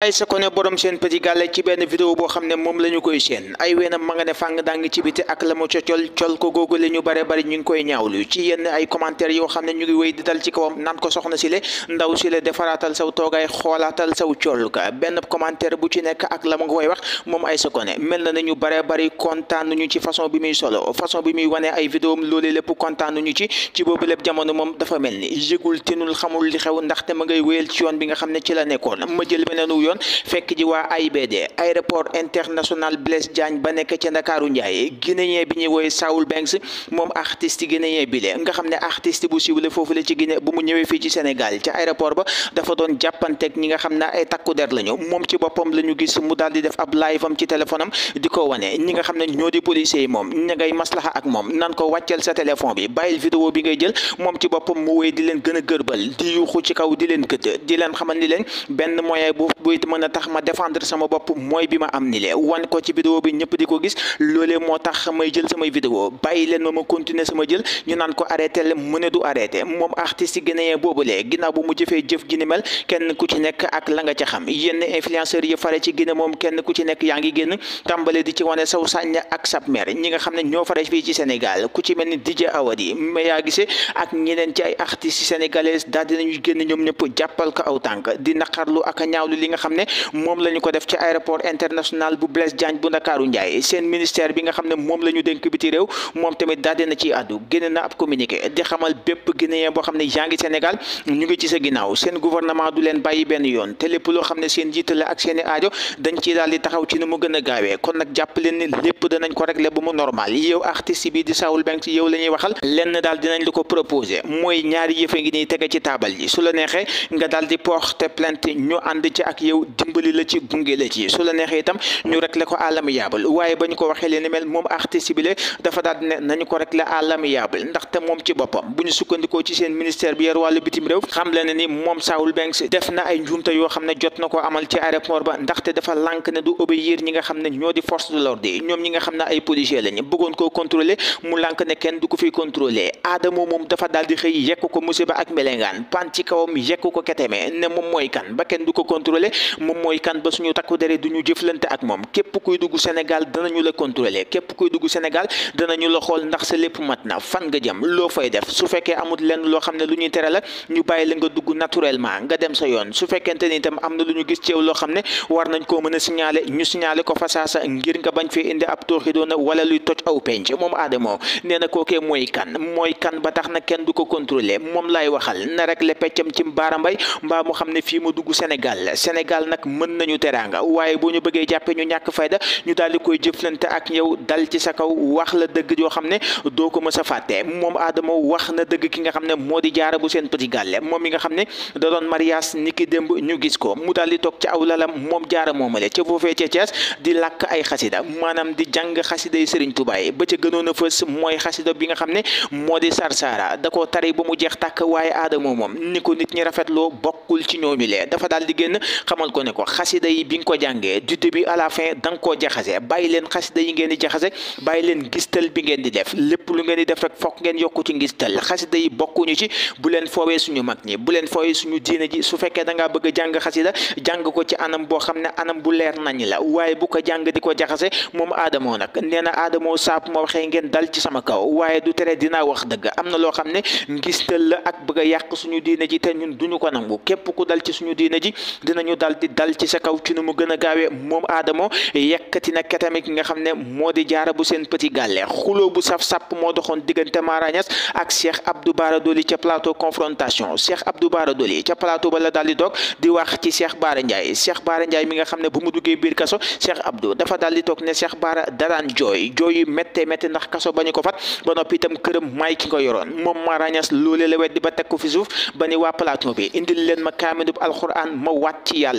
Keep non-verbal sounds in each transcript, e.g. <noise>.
Aïssa Koné borom seen petit ci benn vidéo boo xam ne moom la ñu koy seen ay weenam ma nga ne fàng daa ci biti ak la mu ca col col ko googu la ñu bare bari ñu ngi koy ñaawlu ci yenn ay commentaires yoo xam ne ñu ngi wéy di dal ci kawam naan ko soxna si le ndaw si le defaraatal saw toogaay xoolaatal saw col ga benn commentaire bu ci nekk ak la mu nga koy wax moom ay Aïssa kone mel na ñu bare bari kontaan ñu ci façon bi muy solo façon bi muy wanee ay vidéo loolu lépp kontaan ñu ci ci boobu jamono moom dafa mel ni yëgul tinul xamul li xew ndaxte ma ngay ci yoon bi nga xam ne ci la nekkoon ma jël beneen yoon fekk ji waa AIBD aéroport international Blaise Diagne ba nekk ca Ndakaaru Ndiaye guinéen bi ñuy woowee Saoul Banks moom artiste guinéen bi le nga xam ne artiste bu siiw la foofu la ci Guinée bu mu ñëwee fii ci Sénégal ca aéroport ba dafa doon jàppanteeg ñi nga xam ne ay takku der lañu moom ci boppam la ñu gis mu daal di def ab live am ci téléphone di ko wane ñi nga xam ne ñoo di policiers yi moom ña ngay maslaxa ak moom nan ko wàccel sa téléphone bi bàyyil vidéo bi ngay jël moom ci boppam mu wéy di leen gën a gërbal di yuuxu ci kaw di leen gëdd di leen xamal ni leen benn moyen it mën a tax ma défendre sama bopp mooy bi ma am ni le wan ko ci vidéo bi ñëpp di ko gis loolee moo tax may jël samay vidéo bàyyi leen ma ma continuer sama jël ñu naan ko arrêté le mu ne du arrêté moom artiste guinéen boobulee ginnaaw bu mu jëfee jëf gi ni mel kenn ku ci nekk ak la nga ca xam yenn influenceurs yi fare ci Guinée moom kenn ku ci nekk yaa ngi génn tàmbale di ci wane saw sànna ak sab mer ñi nga xam ne ñoo fare fii ci Sénégal ku ci mel ni DJ Awadi mais yaa gisee ak ñeneen ci ay artistes sénégalais daal dinañu génn ñoom ñëpp jàppal ko aw tànk xam ne moom la ñu ko def ci aéroport international bu Blaise Diagne bu Ndakaaru Ndiaye seen ministère bi nga xam ne moom la ñu dénk biti réew moom tamit daal dina ci àddu génn na ab communiqué di xamal bépp guinéen boo te lépp la ak a yow artiste waxal lenn daal dinañ la ko proposé mooy ñaari yëfe ngi nii tege ci taabal ji su la neexee nga daal di porter plainte ñu ànd ci ak yow ñëw dimbali la ci gunge la ci su la neexee itam ñu rek la ko àllam yaabal waaye ba ñu ko waxee leen mel moom artiste bi la dafa daal ne nañu ko rek la àllam yaabal ndaxte moom ci boppam bu ñu sukkandikoo ci seen ministère bi yor bitim réew xam ne ni moom Saoul Banks def na ay njuumte yoo xam ne jot na ko amal ci aéroport ba ndaxte dafa lànk ne du obéir ñi nga xam ne ñoo di force de l'ordre yi ñoom ñi nga xam ne ay policier lañu bëggoon ko fiy moom mooy kan ba suñu takku dere du ñu jëflante ak moom képp kuy dugg Sénégal ñu la contrôler képp kuy dugg Sénégal ñu la xool ndax sa lépp mat na fan nga jëm loo fay def su fekkee amut lenn loo xam ne lu ñuy tere la ñu bàyyi la dugg naturellement nga dem sa yoon su fekkente ni itam am na lu ñu gis ci loo xam ne war nañ koo mën a signaler ñu signaler ko fa fasaasa ngir nga bañ fee indi ab tooxi doona wala luy toj aw penc moom Adamo nee na kookee mooy kan mooy kan ba tax na kenn du ko contrôler moom laay waxal na rek le peccam ci mbaarambay mbaa mu xam ne fii mu dugg Sénégal Sénégal Sénégal nag mën nañu teraanga boo ñu bëggee jàppee ñu ñàkk fayda ñu daal di koy jëflante ak yow dal ci sa kaw wax la dëgg yoo xam ne doo ko mës a fàtte moom Adama wax na dëgg ki nga xam ne moo di jaara bu seen petit gàlle moom mi nga xam ne da doon mariage ni ki démb ñu gis ko mu daal di toog ci aw lalam moom jaara moomale ca foofee ca Thiès di làkk ay xasida maanaam di jàng xasida sëriñ Serigne Touba ba ca gënoon a fës mooy xasida bi nga xam ne moo di Sarsara da ko tari ba mu jeex tàkk waaye aadama moom ni ko nit ñi loo bokkul ci ñooñu lee dafa daal génn xamal xamal ko ne xasida yi bi nga ko jàngee du début à la fin jaxase bàyyi leen xasida yi ngeen di jaxase bàyyi leen gis gistal bi ngeen di def lépp lu ngeen di def rek fokk ngeen yokku ci ngistal xasida yi bokkuñu ci bu leen foowee suñu mag ñi bu leen foowee suñu diine ji su fekkee da ngaa bëgg a jàng xasida jàng ko ci anam boo xam ne anam bu leer nañ la waaye bu ko jàng di ko jaxase moom aadamoo nag nee na aadamoo saab ma waxee ngeen dal ci sama kaw waaye du tere dinaa wax dëgg am na loo xam ne ngistal la ak bëgg yàq suñu diine ji te ñun duñu ko nangu képp ci suñu diine ji di dal ci sa kaw ci nu mu gën a gaawee moom aadamo yekkati na ketamit nga xam ne moo di jaara bu seen petit gàlle xuloo bu saf sàpp moo doxoon diggante maarañas ak Cheikh Abdou Bara Dolly ca plateau confrontation Cheikh Abdou Bara Dolly ca plateau ba la daal di doog di wax ci Cheikh Bara Ndiaye seex Bara Ndiaye mi nga xam ne bu mu duggee biir kaso Cheikh Abdou dafa daal di toog ne Cheikh Bara daraan jooy jooy yu métte métte ndax kaso bañu ko fat ba noppi itam këram may ki ko yoroon moom maarañas loolee la weddi ba teg ko fi suuf ba ni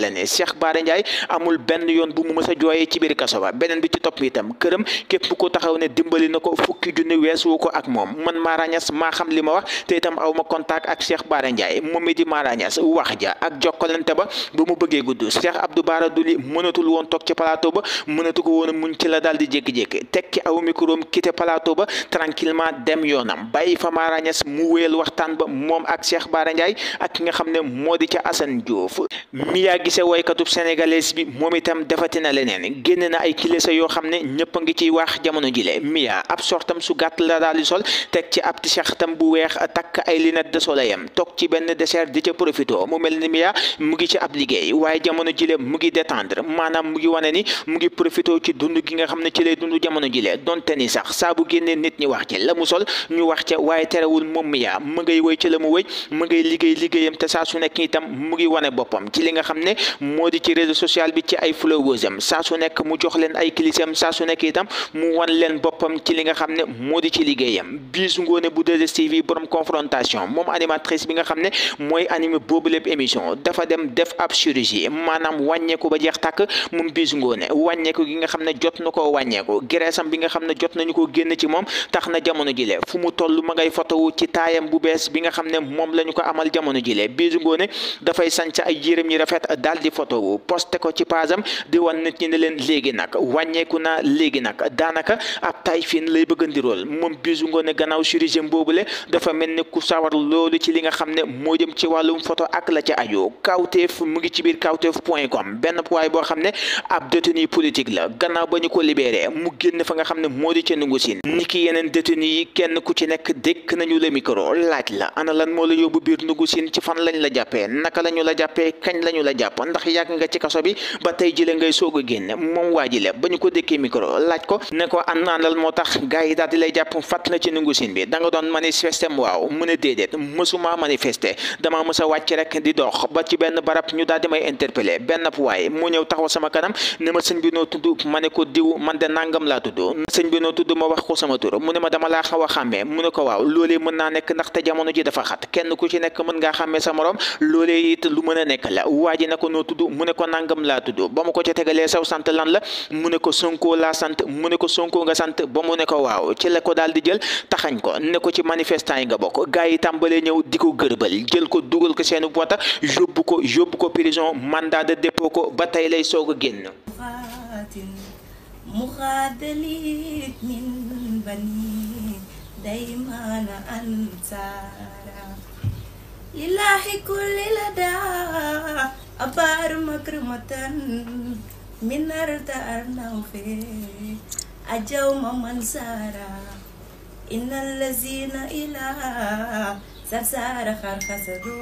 xamal la ne Cheikh Bara Ndiaye amul benn yoon bu mu mës a jooyee ci biir kaso ba beneen bi ci topp itam këram képp ko taxaw ne dimbali na ko fukki junni weesu ko ak moom man Mara Niass maa xam li ma wax te itam aw ma contact ak Cheikh Bara Ndiaye moom it di Mara Niass wax ja ak jokkalante ba ba mu bëggee gudd Cheikh Abdou Bara Doly mënatul woon toog ci ba mënatu ko woon muñ ci la daal di jékki-jékki teg ci aw microom quitté plateau ba tranquillement dem yoonam bàyyi fa Mara Niass mu wéyal waxtaan ba moom ak Cheikh Bara Ndiaye ak ki nga xam ne moo di ca Assane Diouf mi yàgg gisee waykatub sénégalais bi moom itam defati na leneen génn na ay kilisa yoo xam ne ñëpp a ngi ciy wax jamono jile Mia ab sortam su gàtt la daal di sol teg ci ab t-shirtam bu weex takk ay lunettes de soleil am toog ci benn dessert di ca profito mu mel ni Mia mu ngi ci ab liggéey waaye jamono jile mu ngi détendre maanaam mu ngi wane ni mu ngi profito ci dund gi nga xam ne ci lay dund jamono jile donte ni sax saa bu génnee nit ñi wax ci la mu sol ñu wax ca waaye terewul moom Mia mu ngay wëy ci la mu wëy mu ngay liggéey liggéeyam te saa su nekk mu ngi wane boppam ci li nga xam ne moo di ci réseau social bi ci ay followers am saa su nekk mu jox leen ay clichés saa su nekk itam mu wan leen boppam ci li nga xam ne moo di ci liggéeyam Bijou Ngoné bu 2STV borom confrontation moom animatrice bi nga xam ne mooy animé boobu lépp émission dafa dem def ab chirurgie maanaam wàññeeku ba jeex tàkk moom Bijou Ngoné wàññeeku gi nga xam ne jot na koo wàññeeku graisam bi nga xam ne jot nañu ko génn ci moom tax na jamono ji jile fu mu toll ma ngay fotowu ci taayam bu bees bi nga xam ne moom la ñu ko amal jamono jile Bijou Ngoné dafay sanc ay yérem yi rafet daal di photo wu posté ko ci paasam di wan nit ñi ne leen léegi nag wàññeeku na léegi nag daanaka ab tay fiin lay bëgg a ndirool moom Bijou ngoone gannaaw chirurgien le dafa mel ni ku sawar loolu ci li nga xam ne moo jëm ci wàllum foto ak la ca aju kawteef mu ngi ci biir kawteef point com benn waay boo xam ne ab détenu politique la gannaaw ba ñu ko libéré mu génn fa nga xam ne moo di ca nungu siin ni ki yeneen détenu yi kenn ku ci nekk dékk nañu la micro laaj la lan moo la yóbbu biir nungu ci fan lañ la jàppee naka lañu la jàppee kañ lañu la jàpp nekkoon ndax yàgg nga ci kaso bi ba tey jile ngay soog a génne moom waa jile ba ñu ko dékkee micro laaj ko ne ko an naan moo tax gars yi daal di lay jàpp fàtt na ci nungu siin bi da nga doon manifester waaw mu ne déedéet mësuma manifester damaa mës a wàcc rek di dox ba ci benn barab ñu daal di may interpeller benn waay mu ñëw taxaw sama kanam ne ma sëñ bi noo tudd ma ne ko diw man de nangam laa tudd sëñ bi noo tudd ma wax ko sama turu mu ne ma dama laa xaw a xàmmee mu ne ko waaw loolee mën naa nekk ndaxte jamono ji dafa xat kenn ku ci nekk mën ngaa xàmmee sa morom loolee noo tudd mu ne ko nangam laa tudd ba mu ko ca tegalee saw sant lan la mu ne ko Sonko laa sant mu ne ko Sonko nga sant ba mu ne ko waaw ci la ko daal di jël taxañ ko ne ko ci manifestant yi nga bokk gars yi tàmbalee ñëw di ko gërbal jël ko dugal ko seen boîte yóbbu ko yóbbu ko prison mandat de dépôt ko ba tey lay soog a génn مغادلت من aparuma kirmatan minarta arnan fe ajawma mansara innal lazina ila sarsara kharkhasadu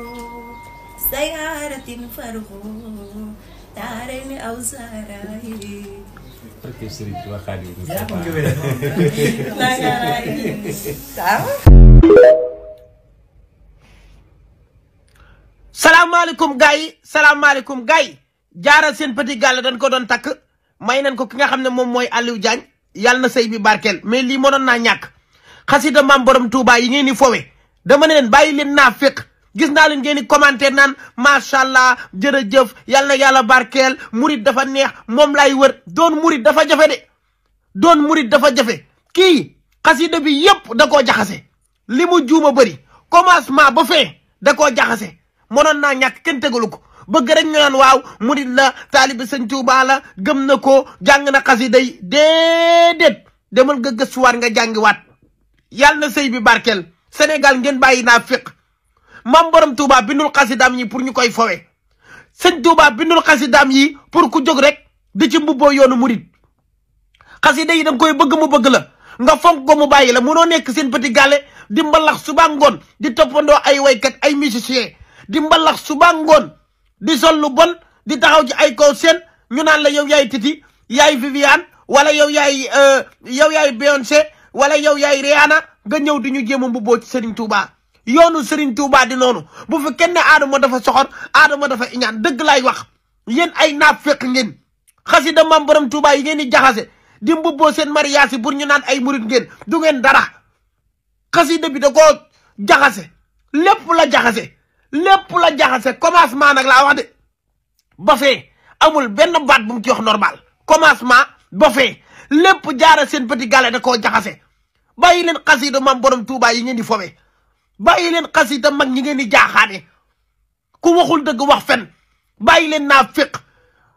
sayaratin farhu taarani aw sarahi Porque seria tua carinha. Já, porque eu <laughs> <laughs> salaamaaleykum gars yi salaamaaleykum gars yi jaaral seen petit gàlle dañ ko doon takk may nañ ko ki nga xam ne moom mooy Aliou Diagne yàlla na sëy bi barkeel mais lii mënoon naa ñàkk xasida maam borom Touba yi ngeen di fowe dama ne leen bàyyi leen naa fekk gis naa leen ngeen di commenter naan macha allah jëf yàlla na yàlla barkel murit dafa neex moom lay wër doon murit dafa jafe de doon murit dafa jafe kii xasida bi yépp da koo jaxase li mu juuma bëri commencement ba fin da koo jaxase mënoon naa ñàkk kenn tegalu ko bëgg rek ñu naan waaw murit la taalibi sëñ Tuubaa la gëm na ko jàng na xasida yi déedéet demal nga gëstuwaat nga jàngiwaat yàlla na sëy bi barkeel Sénégal ngeen bàyyi naa fiq mam borom Touba bindul xasidaam yi pour ñu koy fowe sëñ Touba bindul xasidaam yi pour ku jóg rek di ci mbubboo yoonu murit xasida yi da nga koy bëgg mu bëgg la nga fonk ko mu bàyyi la munoo nekk seen petit gàlle di mbalax suba ngoon di toppandoo ay waykat ay musicien di mbalax suba ngoon di sol lu bon di taxaw ji ay kaw seen ñu naan la yow yaay Titi yaay Viviane wala yow yaay euh, yow yaay Beyoncé wala yow yaay Rihanna nga ñëw di ñu jéem a mbubboo ci Serigne Touba yoonu Serigne Touba di noonu bu fi kenn aadama dafa soxor aadama dafa iñaan dëgg laay wax yéen ay naaf fekk ngeen xasida maam borom Touba yi ngeen di jaxase di mbubboo seen mariage yi ñu naan ay murit ngeen du ngeen dara xasida bi da koo jaxase lépp la jaxase lépp la jaxase commencement nag laa wax de ba amul benn baat bu mu ci wax normal commencement bafe fee lépp jaara seen petit gàllé da ko jaxase bàyyi leen xasida maam borom Touba yi ngeen di fowe bàyyi leen xasida mag ñi ngeen di jaaxaane ku waxul dëgg wax fen bàyyi leen naa féq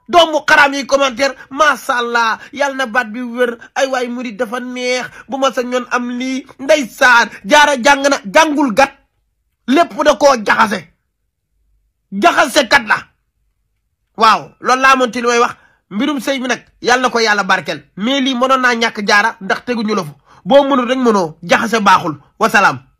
doomu xaraam yi commentaire macha allah yàlla na baat bi wér ay waay murid dafa neex bu ma sa ñoon am lii jaar a jàng na jàngul gat lépp da koo jakase jaxase kat la waaw loolu laa mënti li may wax mbirum sey mi nag yàlla na ko yàlla barkeel mais lii mënoon naa ñàkk jaara ndax teguñu la fu boo mënul rek mënoo jaxase baaxul wasalaam.